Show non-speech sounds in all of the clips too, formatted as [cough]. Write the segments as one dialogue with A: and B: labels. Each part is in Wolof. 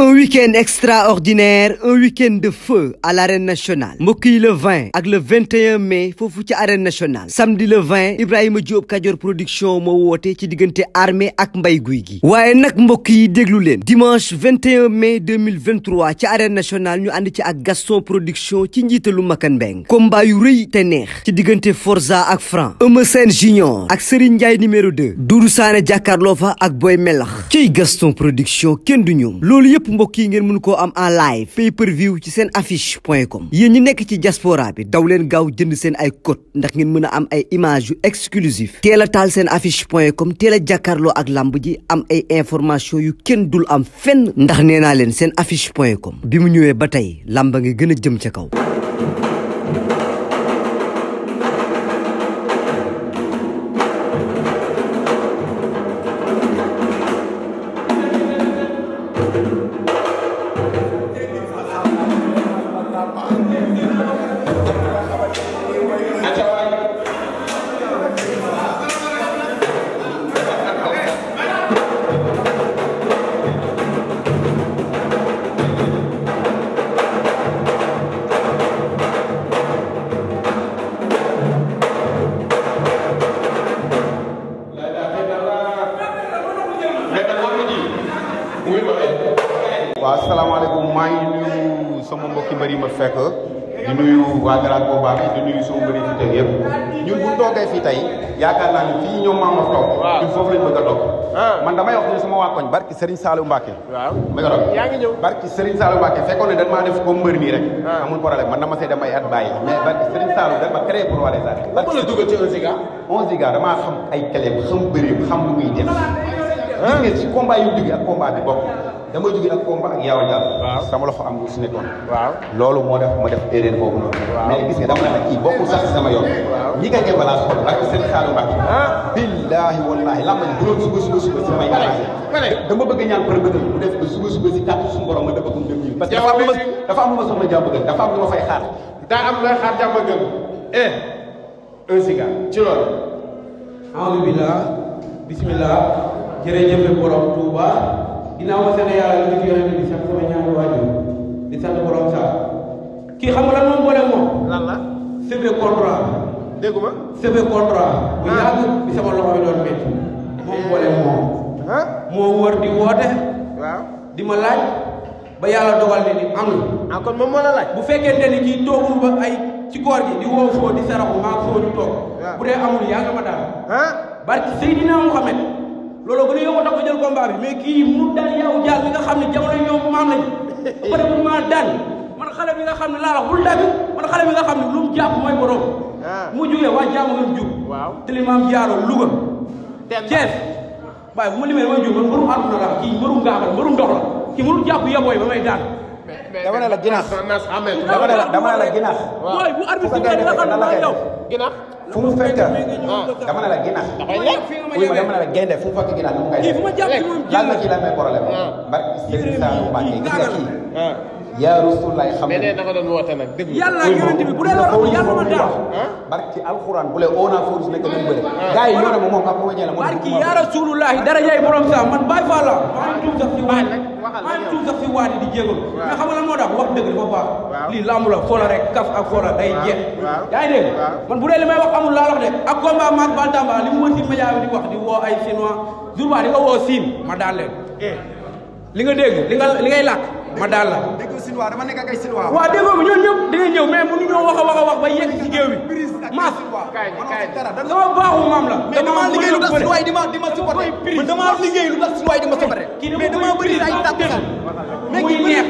A: un week-end extraordinaire un week-end de feu à l'arène nationale mbokk yi le 20 ak le 21 mai foofu ci arène nationale samedi le 20 Ibrahima Diop Kajoor production moo woote ci diggante armée ak mbay guy gi waaye nag mbokk yi déglu leen dimanche 21 mai 2023 ci arène nationale ñu ànd ci ak Gaston production ci njiitalu Makan Mbeng combat yu rëy te neex ci diggante Forza ak Franc Eumeu Sène junior ak Serigne Ndiaye numéro 2 Doudou Sané jàkkaarloo fa ak Boy Melax ciy Gaston production kenn du ñoom loolu yëpp mbokk yi ngeen mën koo am en live pay per view ci seen affiche com yéen ñi nekk ci diaspora bi daw leen gaaw jënd seen ay code ndax ngeen mën a am ay image yu exclusif teel a taal seen affice point com teel a jàkkaarloo ak lamb ji am ay information yu kenn dul am fenn ndax nee naa leen seen affiche point com bi mu ñëwee ba tey lamba ngi gën a jëm ca kaw
B: mbër ma fekk di nuyu waa Galaat
C: boobaa bi di nuyu suñu mbër yi fi teg yëpp ñun bu toogee fii tey yaakaar naa ni fii ñoom maam ma toog a toog ah. man damay wax ni sama waa koñ barki Serigne Saliou Mbacke waaw ma nga toog yaa ngi ñëw barki Serigne Saliou Mbacke fekkoon ne dañ def ko mbër nii rek ah. amul problème man dama see damay at bàyyi mais barki Serigne Saliou dañ ma créé pour Waly Sané lan la dugal ci 1 Giga 1 Giga damaa xam ay këleem xam bëreem xam ah. bi bokk dama jóge ak combat ak yaaw daal. waaw loxo am lu si nekkoon. loolu moo def ma def erreur boobu noonu. mais gis nga si sama yoon. waaw ñi nga jébal laa suba suba suba si may arrangé. dama bëgg ñaan përëbëtal mu def ba suba suba si kàttu suñu borom ma dëppagum dem parce que dafa am lu ma dafa am lu ma soxla jàmbagën dafa am lu ma fay xaar. daa am looy xaar jàmbagën. eh un cigare ci loolu. alhamdulilah bisimilah jërëjëf borom Touba ginnaaw ma seen yàlla li ci yonent bi sax sama ñaari waajur di sant borom sax kii xam nga lan moom boole moom. lan la. CV contrat. déggu ma. CV contrat. bu ah. yàgg bi sama loxo moo wër di woote. waaw di ma laaj. ba yàlla dogal ne ni am ah, kon moom moo la bu fekkente ni kii toogul ba ay ci koor gi di woo foo di saraxu maa foo toog. bu amul yaa nga ma daal. barki Seydina Muhammad loolu gën a yomb tax ko jël combat bi mais kii mu daan yow jaar mi nga xam ne jamono ñoom maam lañ [laughs] ba pare daan man xale bi nga xam ne laa la bul dagg man xale bi nga xam ne lu mu jàpp mooy borom ah. mu jugee waa jaamu ngeen jug waaw tëlimaam jaaro Louga Thiès waaye bu ma limee damay jug man mbërum àdduna la kii mbërum gaabal mbërum la kii mbërum jàpp yabooy ba may daan dama ne la ginax dama ne la dama ne bi nga
D: xam ne maa yow
C: fu mu fekk dama ne la ginax. oui ma dama ne la gaynde fu mu fekk ginax dama koy def lan la ci la may problème. Ah. barke Serigne Saliou Mbacké gis nga kii. Ah. yaa Rasulullaay xam nga da nga doon woote nag dégg yàlla yonent bi bu dee loolu yàlla ma daal ah. barki alxuraan bu lee oona forus nekk nañ bële gars yi ñoo ne ma moom ak ko ñëla barki yaa Rasulullaay dara yaay borom sax man bàyyi fa la maa ngi tuub sax ci waay maa ngi tuub sax ñëpp waat di jégalu mais xam nga lan moo tax wax dëgg dafa baax lii lamb la foola rek kaf ak foola day jeex yaa ngi man bu dee li may wax amul laa wax de a combat maag Bantamba li mu mën si média bi di wax di woo ay chinois jour ba di nga woo siin ma daan leen eh. li nga dégg li nga ngay làkk ma daal la. dégg nga Sinoa dama nekk ak ay Sinoa. waaw déggoo ma ñooñu ñëpp dinañ ñëw mais mënuñoo wax a wax a wax ba yegg ci géew bi. maas kaay kaay sama baaxu maam la. mais damaa liggéey lu tax Sinoa yi di ma di ma supporté. man damaa liggéey lu tax Sinoa yi di ma supporté. Ah. mais damaa bëri ay tàkkusaan. muy neex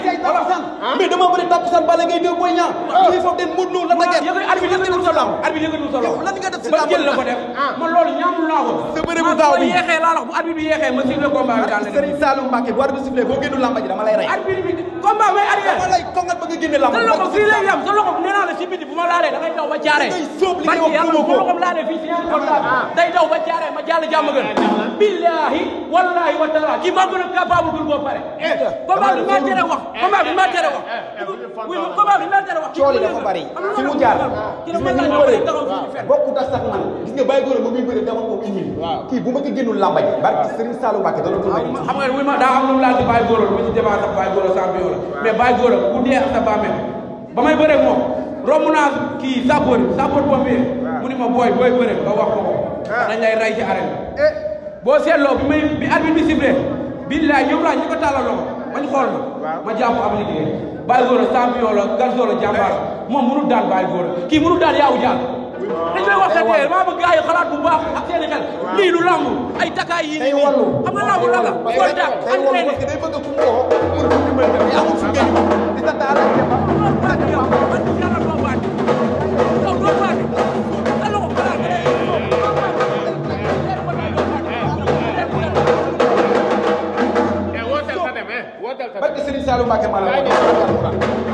C: mais dama bëri tàkkusaan Balla Gaye 2 Boy Niang. ah lii foofu den Modou Lo la Daguerre. yow arbitre yëkkati wul sa loxo arbitre yëkkati wul sa loxo. yow lan nga def si laa bëri la ko def. Ah. man loolu ñaamul naa ko. sa bëri bu gaaw ah, bi bu yeexee laa la bu arbitre bi yeexee ma sifflé combat bi daal la. Serigne Saloum Mbacké bu arbitre sifflé boo génnu làmba ji dama lay rey combat may arrière dama lay kongal si biti bu ma laalee da ngay daw ba jaare barki yàlla bu loxom laalee fii si combat ah. day daw ba jaare ma jàll jàmm gën billahi wallahi wa taala kii maa gën a capable dul boo pare combat bi maa tere wax combat bi a tere wax combat bi maa tere wax cooli dafa bari fi mu jaar gis nga ni mu bëree bokku tax sax man gis nga bàyyi góor bu muy bëri dama ko umil kii bu ma ko génnul làmbañ barki Serigne Saliou Mbacké dana xam nga wuy ma daa am lu mu laal ci bàyyi góor bu ci débat sax bàyyi góor champion la mais bàyyi góor a bu dee ba may bëre moom romb naa kii sapeur sapeur pompier mu ni ma booy booy bëre nga wax ko ko dañ lay ray ci arène eh. boo seetloo bi may bi arbitre bi sifflé billaay ñoom laa ñu ko tàllal loxo mañ xool ma ma jàpp am liggéey bàyyi góor a champion la garçon la jàmbaar eh. moom mënul góor a kii mënul daan yaawu jaan dañ lay wax rek maa bëgg gars yi xalaat bu baax ak seen ay takaay yi nii xam nga lamb la la contact entraîné day bëgg ku ko mu dimbal bi amul fu ngeen di tata man yàlla doo baat doo doo baat ala ko xalaat Barke Serigne Saliou Mbacké ma la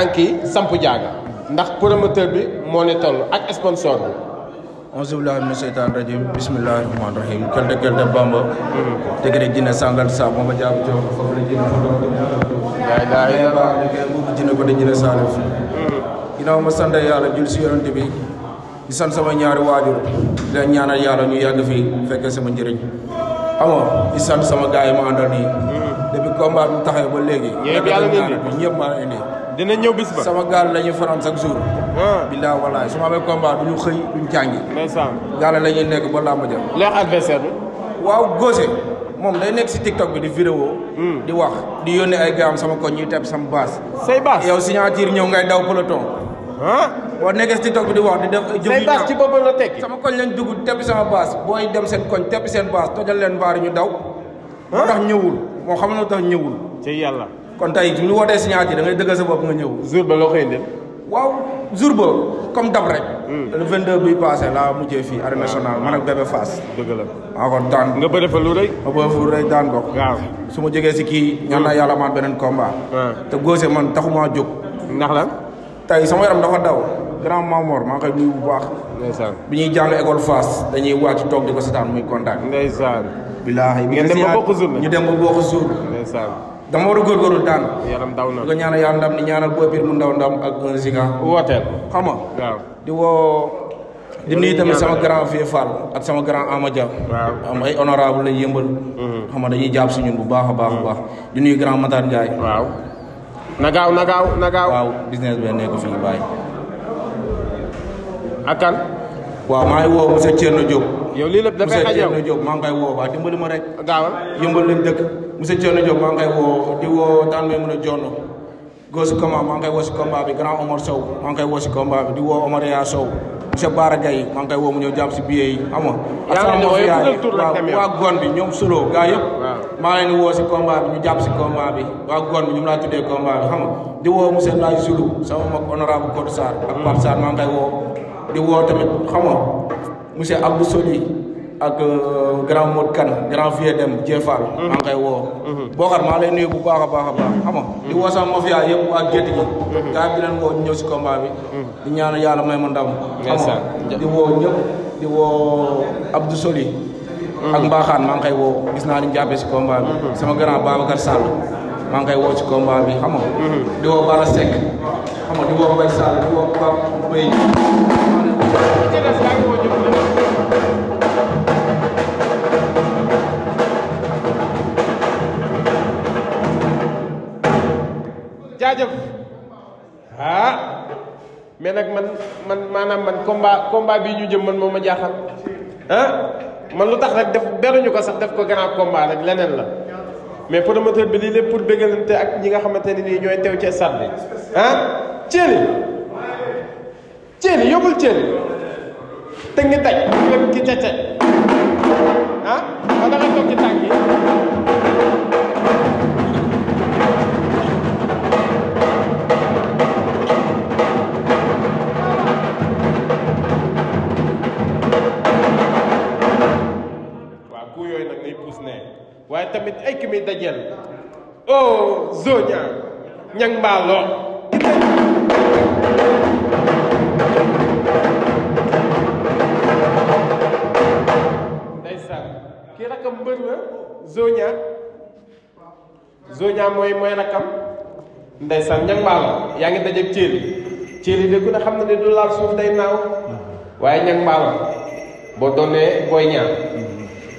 D: tànk yi samp jaaga ndax promoteur bi moo ne toll ak sponsor bi
E: auzu billahi mina seytaan rajim bismillahi rahmaan rahim kelte kelte bamba mm-hmm. dëgg dina sa mooma mm-hmm. yàlla jul si yonent sama ñaari waajur di leen ñaanal yàlla ñu yàgg fii fekkee sama njëriñ xam nga di sant sama gars yi ma àndal nii. Hmm. depuis combat bi mu ba léegi. ñëpp yàlla ñëpp maa indi. dina ñëw bis ba sama gaal la ñuy fanaan chaque jour. Ah. bilaa walaay su ma amee combat du ñu xëy duñ jàngi. ndeysaan gaal la ñuy nekk ba làmb ja. leex adversaire bi. waaw Gose moom day nekk si TikTok bi di vidéo hmm. di wax di yónnee ay gaam sama koñ ñuy teb sama baas. say baas yow signature ñëw ngay daw peloton. boo nekkee si TikTok bi di wax di def. jëf say baas ci boppam la tekki. sama koñ lañ dugg teppi sama baas booy dem seen koñ teppi seen baas tojal leen mbaar ñu daw. ah tax ñëwul moo xam ne tax ñëwul. yàlla. kon tey lu wootee signature da ngay dëggal sa bopp nga ñëw. jour ba loo xëy ndel. waaw jour ba comme dab rek. Hmm. le 22 bii passé laa mujjee fii. arène ah, nationale man ak ah. bébé Fass. dëgg la waaw ah, kon daan. nga bëri fa lu rëy. ma su ma jógee si kii. ñaan naa yàlla maat beneen combat. te goose man taxumaa jóg. nax la tay sama yaram dafa daw. grand Mamor maa ngi koy nuyu bu baax. bi ñuy jàng école Fass dañuy wàcc toog di ko seetaan muy kontaan. ndeysaan. bilaahi ngeen dem ba bokk suul ñu dem ba bokk suul. ndeysaan. dama war a góorgóorlu daan. yaram daw na ko ñaanal yàlla ndam ni ñaanal booy biir mu ndaw ndam ak un ziga. wooteel xam nga. di woo. di nuyu tamit sama grand Vieux Fall ak sama grand Amadia. waaw am ay honorable la yëmbal. Mm-hmm. xam dañuy jàpp si ñun bu baax a baax a baax. di nuyu grand Matar Ndiaye. waaw. na gaaw na gaaw na gaaw. waaw business bi nekk ak kan. waaw maa ngi woo monsieur Thierno Diop. yow lii lépp dafay xaj yow monsieur Thierno Diop maa ngi koy woo waa ma rek. gaawal yëmbal lañ dëkk. monsieur Thierno Diop maa ngi koy woo di woo daan may mën a jonn góor si combat woo si combat bi grand Omar Sow maa ngi koy si combat bi di woo Omar Yaa Sow. monsieur Baara Gaye maa ngi koy woo mu ñëw jàpp si billet yi xam nga. ñoom solo gaa yëpp. maa ngi leen woo si combat bi ñu jàpp si combat bi waa gon bi ñu laa tuddee combat bi xam nga di woo monsieur Laye sama mag honorable Codé Sarr ak Pape Sarr maa ngi woo di woo tamit xam nga monsieur Abdou Soli ak euh, grand Modou Kane grand vieux dem Diefal. Mhm. maa ngi koy woo. Mhm. Bokar maa lay nuyu bu baax a baax a baax xam nga. Mhm. di woo sama mafia yëpp waa gétt gi. gars yi di leen si combat bi. di ñaan yàlla may ma ndam. di woo ñëpp di woo Abdou Soli. ak Mbaxaan maa ngi koy woo gis naa ni ñu si combat bi. sama grand Babacar Sall. maa ngi koy woo ci combat bi xam nga. di woo Bala Seck xam nga di woo
D: ah. mais nag man man maanaam man combat combat bii ñu jëm man moo ma jaaxal ah man lu tax rek def beruñu ko sax def ko grand combat rek leneen la. mais promoteur bi lii lépp pour te ak ñi nga xamante ne nii ñooy teew ci stade bi ah Thierry Thierry yóbbul Thierry te ngi daj lépp ki ca ca ah ba da nga toog ci yi waaye tamit ay ki muy dajeel oh zoña ñang mbaaloo ndeysaan kii rakam mbër la zoña zoña mooy mooy rakam ndeysaan ñang mbaaloo yaa ngi dajeeg céeli céeli de ku ne xam na ne du laal suuf day naaw waaye ñang mbaaloo boo doonee booy ñaar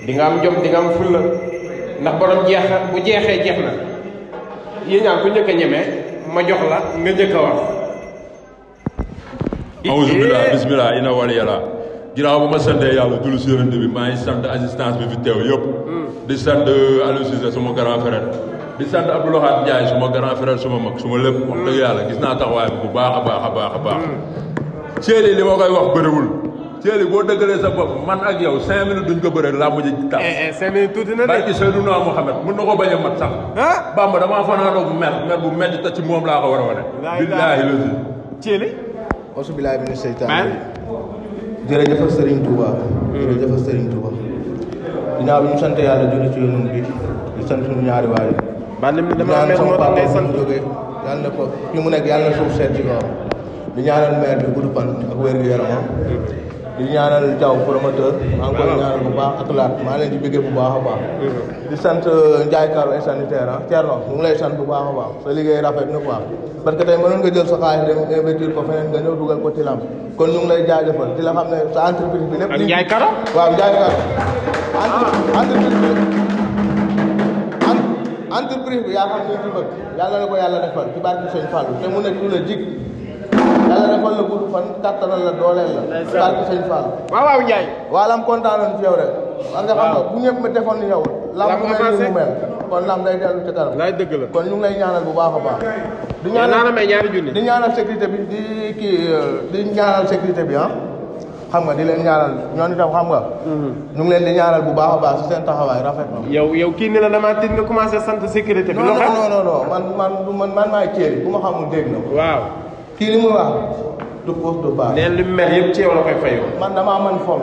D: di am jom di nga am ndax borom jeex bu jeexee jeex na yéen ñaan ku njëkk a ma jox la nga njëkk a wax.
F: awuzu billah bismillah ina wal yàlla ma santee yàlla julli si bi maa ngi sant assistance bi fi teew yëpp. Hmm. di sant euh, Aliou Cissé suma grand frère. di sant Abdou Lahad Ndiaye suma grand frère suma mag suma lépp. wax dëgg hmm. yàlla gis naa taxawaay bu baax a baax a baax a baax. Thierry hmm. li ma koy wax bëriwul. Thierry boo dëggalee sa bopp man ak yow cinq minutes duñ ko bëree laa mujj a. taal cinq minutes tuuti na de. barki Seydina Mouhamed mun na ko bañ a mat sax. ah bu metti te ci moom laa ko war a wane. billaahi la Thierry. auzu billaahi mina seytaan. jërëjëf Serigne
B: Touba. jërëjëf Serigne Touba. ginnaaw bi ñu sant yàlla jërëjëf ci yonent bi di sant suñu ñaari waay. man de damaa mel moo tax day sant yàlla na ko fi mu nekk yàlla na suuf seet ci kawam. di ñaanal maire bi gudd fan ak wér gu yaramam di ñaanal Diaw promoteur maa ngi koy bu baax ak laat maa leen di bu baax a baax di sant euh, Ndiaye Karo et sanitaire ah Thierno mu ngi lay sant bu baax a baax sa liggéey rafet na quoi parce que tey mënoon nga jël sa xaalis dem investir ko feneen nga ñëw dugal ko ci kon ñu ngi lay jaajëfal di la xam ne sa entreprise bi lépp Ndiaye Karo waaw Ndiaye Karo ah. entreprise bi entreprise ne ci yàlla la ko yàlla defal ci barke Sëñ Fallou ne tout jik yàlla defal la gudd fan la dooleel la. barke sëñ Fall. waaw waaw Ndiaye. waaw lam yow rek. waaw nga xam nga bu ñëpp ma defoon ni yow. lam mu mel ni mu mel. kon lam day dellu ci kanam. lay la kon ñu ngi lay ñaanal bu baax a baax. di ñaanal may ñaari junni. di ñaanal sécurité bi di kii di ñaanal sécurité bi ah. xam nga di leen ñaanal ñooñu tam xam nga. Mm-hmm. ñu leen di ñaanal bu baax a baax si seen taxawaay rafet na. yow yow kii ni la damaa tëj nga commencé sant sécurité bi. non non non man man man maay ceeb bu ma xamul dégg na. waaw. kii li wax du góos du baax. nee li mu mel yëpp ci yow la koy fayoo. man damaa mën fomm.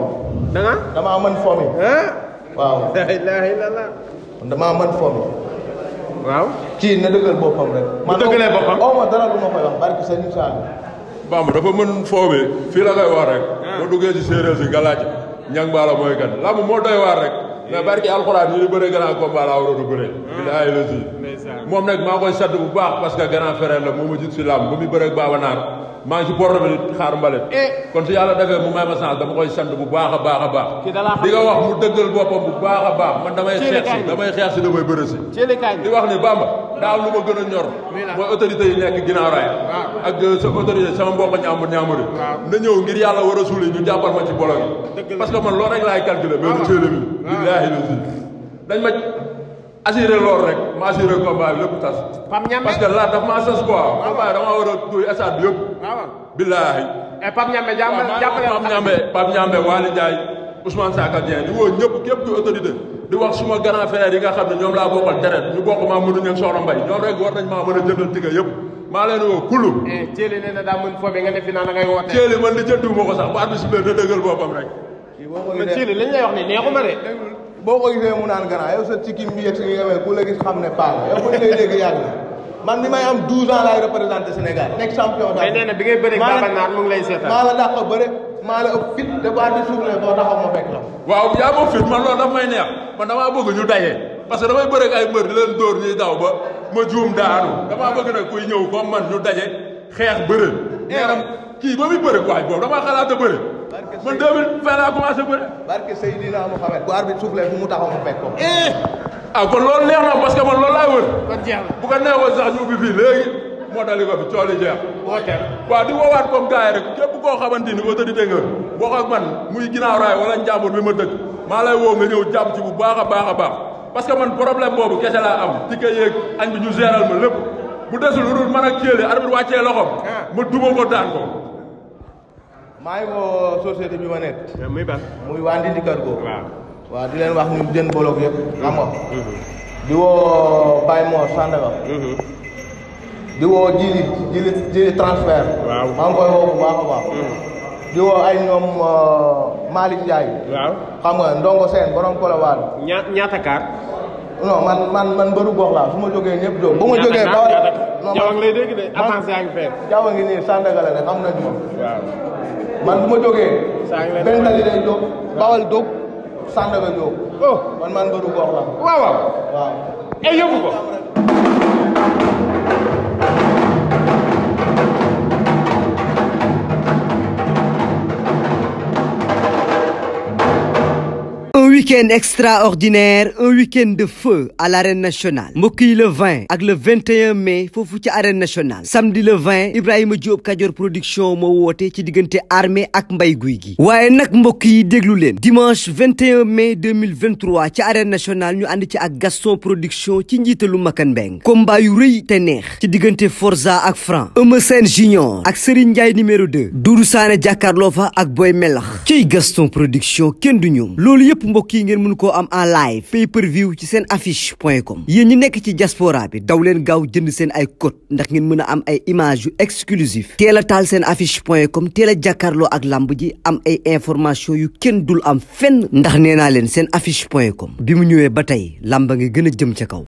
B: da damaa mën fomm. waaw. [laughs] la ilaha illallah. man damaa mën fomm.
F: waaw. kii na dëggal boppam rek. bu dëggalee boppam man ma dara lu ma koy wax barke sëñ dafa mën fommee fii la koy wax rek. Ah. boo duggee ci séeréer si nga laaj ñang baala mooy gan làmb moo doy waar rek. mais barki alxuraan ñu ni bëre grand combat laa waroon a bëre billaahi moom nag maa koy sadd bu baax parce que grand frère la moo ma jig si làmb ba muy bëre ak Baba Naar maa ngi si bor bi xaar mbalit eh. kon su yàlla defee mu may ma chance dama koy sant bu baax a baax a baax di nga wax mu dëggal boppam bu baax a baax man dama xeex si damay xeex si damay bëre si wax ni Bamba daa am lu ma gën a ñor yi nekk ginnaaw raay ak euh, sa autorité sama mbokk ñaama ñaamari na ngir yàlla war a suuli ñu jàppal ma ci bolo gi parce que man loolu rek laay calculer benn séeréer bi billaahi la si dañ ma assuré loolu rek ma assuré combat bi lépp tas
D: parce que là daf ma sas quoi
F: combat dama war a tuuy stade bi yëpp billaahi
D: Pape Ñambe jàppale
F: Pape Ñambe Pape Ñambe Waly Ndiaye Ousmane Saka Dieng di woo ñëpp képp kuy di wax suma grand frère yi nga xam ne ñoom laa bokkal deret ñu bokk maa mënuñu ak soxna mbay ñoom rek war nañ
B: eh, na da sa tikkim ñu may am 12 ans Sénégal nekk
F: champion daal bi ngay bëri Baaba Naar mu lay seetaan maa la
B: dàq bëre maa la ëpp fit te baal di suuflee boo taxaw ma fekk la.
F: waaw yaa ma fit man loolu daf may neex man damaa bëgg ñu daje parce que damay bëre ak ay leen dóor ñuy daw ba ma juum daanu damaa bëgg nag kuy ñëw comme man ñu daje xeex bëre. neeram eh. kii ba muy bëre waay boobu damaa xalaat a bëre. man 2020 laa commencé bëre. barke Seydina Mohamed. bu arbitre suuflee fu mu ma fekk ko. Eh. ah kon loolu neex na parce que man loolu laay moo dali ko fi cooli jeex. wooteel waaw di woowaat comme gars rek képp koo xamante ni autorité nga wax ak man muy ginnaaw raay wala njàmbur bi ma dëkk maa lay woo nga ñëw jàpp ci bu baax a baax a baax parce que man problème boobu kese laa am di ko yéeg añ bi ñu géral ma lépp bu desul lu man ak Thielé arbitre wàccee ah. ma duma ko daan ko
B: maa ngi woo société bi ma nekk muy ban muy waa Ndindi Cargo waaw di leen wax ñu jën boloog yëpp xam mm-hmm. di woo Baye Mor Sandaga mm-hmm. di woo jili jili jili transfert. waaw woo bu baax a baax. Hmm. di woo ay ñoom euh, Malick Ndiaye. waaw xam nga Ndongo Sène borom Colobane. ñaata kaar. non man man man mbëru gox laa su ma jógee ñëpp jóg. bu ma jógee ba non man ngi lay dégg de avance yaa ngi fekk. jaww Sandaga man bu ma jógee. saa ngi lay dégg benn tali lay jóg oh. man man mbëru gox laa. waaw waaw. waaw.
D: et eh,
A: week-end extraordinaire un week-end de feu à l'arène nationale mbokk yi le 20 ak le 21 mais foofu ci arène nationale samedi le 20 Ibrahima Diop Kajoor production moo woote ci diggante armée ak mbay guy gi waaye nag mbokk yi déglu leen dimanche 21 mai 2023 ci arène nationale ñu ànd ci ak Gaston production ci njiitalu Makan Mbeng combat yu rëy te neex ci diggante Forza ak Franc Eumeu Sène junior ak Serigne Ndiaye numéro 2 Doudou Sané jàkkaarloo fa ak Boy Melax ciy Gaston production kenn du ñoom loolu yëpp yi ngeen mën koo am en live pay per view ci seen affice point com yéen ñi nekk ci diaspora bi daw leen gaaw jënd seen ay code ndax ngeen mën a am ay image yu exclusive teel a taal seen affiche point com teel a jàkkaarloo ak lamb ji am ay information yu kenn dul am fenn ndax nee leen seen affiche point com bi mu ñëwee ba tey lamba ngi gën a jëm ca kaw